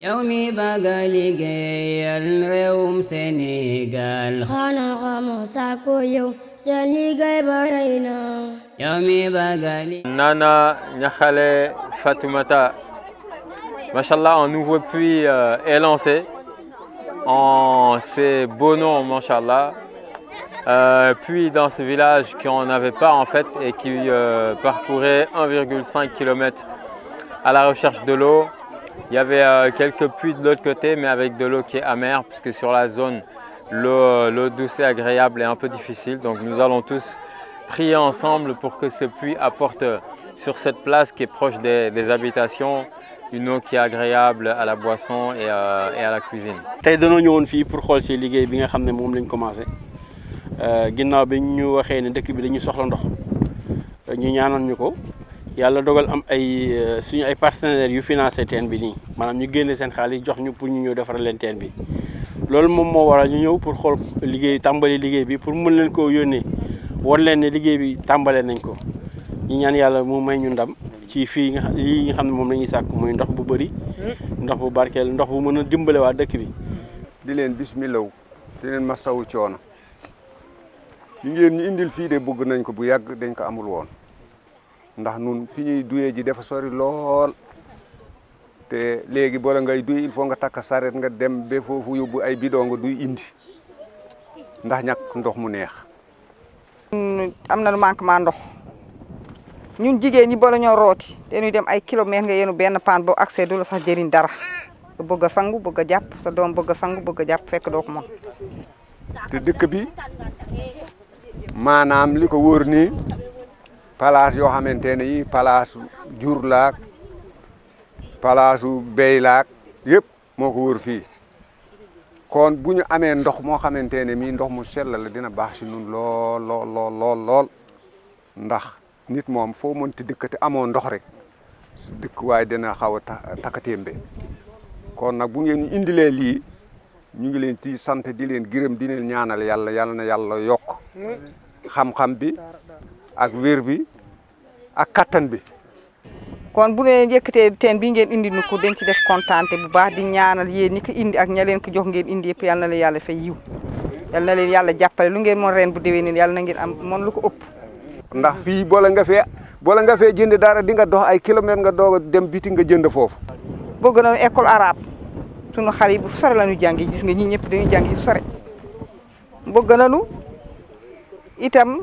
yomi bagali Nana Nyakale, Fatoumata Machallah un nouveau puits euh, est lancé en ces beaux noms Machallah euh, puits dans ce village qu'on n'avait pas en fait et qui euh, parcourait 1,5 km à la recherche de l'eau il y avait euh, quelques puits de l'autre côté, mais avec de l'eau qui est amère, puisque sur la zone, euh, l'eau douce et agréable est un peu difficile. Donc nous allons tous prier ensemble pour que ce puits apporte euh, sur cette place qui est proche des, habitations une eau qui est agréable à la boisson et à, la cuisine. yàlla dogal am ay euh, suñu ay partenaires yu financé teen bi nii maanaam ñu génne seen xaalis jox ñu pour ñu ñëw defaral leen teen bi loolu moom moo waral ñu ñëw pour xool liggéey tàmbali liggéey bi pour mën leen koo yónnee war leen ne liggéey bi tàmbale nañ ko ñu ñaan yàlla mu may ñu ndam ci fii nga lii nga xam ne moom la ñuy sàkk muy ndox bu bëri ndox bu barkeel ndox bu mën a dimbale waa dëkk bi. di leen bisimilah di leen masawu coono li ngeen ñu indil fii de bëgg nañ ko bu yàgg dañ ko amul woon. ndax nun fi ñuy duyee ji dafa sori lool te bo la ngay duy il faut nga tak saret nga dem be fofu yobbu ay bidon nga duy indi ndax ñak ndox mu neex lu manque ma ndox ñun jigéen ñi la ñoo té ñuy dem ay kilomètre nga yenu benn pan bo accès du la sax jëriñ dara bëgg sangu bëgg japp sa doom bëgg sangu bëgg japp fekk do ko mo té dëkk bi manam liko ni palaas yoo xamante ne yi palaasu jur laak palaasu béy laak yëpp moo ko wër fii kon bu ñu amee ndox moo xamante ne mii ndox mu sell la dina baax si ñun lool lool lool lool lool ndax nit moom foo mënti dëkkati amoo ndox rek dëkk waaye dina xaw a takatémbe kon nag bu ngeen indilee lii ñu ngi leen ci sant di leen gërëm di leen ñaanal yàlla yàlla na yàlla yokk bi ak wér bi ak kattan bi. kon bu leen yëkkatee teen bi ngeen indi nu ko den ci def kontaante bu baax di ñaanal yéen ñi ko indi ak ña leen jox ngeen indi yëpp yal na leen yàlla fay yiw yal na yàlla jàppale lu ngeen moon reen bu déwénee yàlla na ngeen am moon lu ko ëpp. ndax fii boole nga fee boole nga fee jënd dara di nga dox ay kilomètres nga doog a dem biti nga jënd foofu. bëgg na école arabe sunu xale yi bu sore la ñu jàngi gis nga ñi ñëpp dañuy jàngi sore bëgg nañu itam.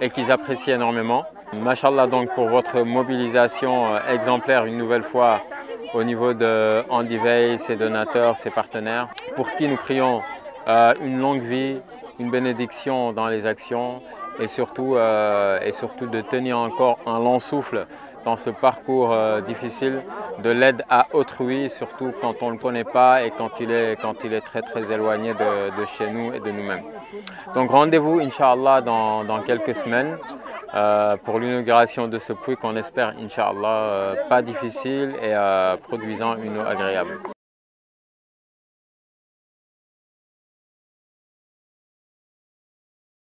et qu'ils apprécient énormément. Machallah donc pour votre mobilisation euh, exemplaire une nouvelle fois au niveau de Andy Veil, ses donateurs, ses partenaires, pour qui nous prions euh, une longue vie, une bénédiction dans les actions et surtout, euh, et surtout de tenir encore un long souffle dans ce parcours euh, difficile de l'aide à autrui, surtout quand on ne le connaît pas et quand il est, quand il est très très éloigné de, chez nous et de nous-mêmes. Donc rendez-vous, Inch'Allah, dans, quelques semaines euh, pour l'inauguration de ce puits qu'on espère, Inch'Allah, euh, pas difficile et produisant une eau agréable.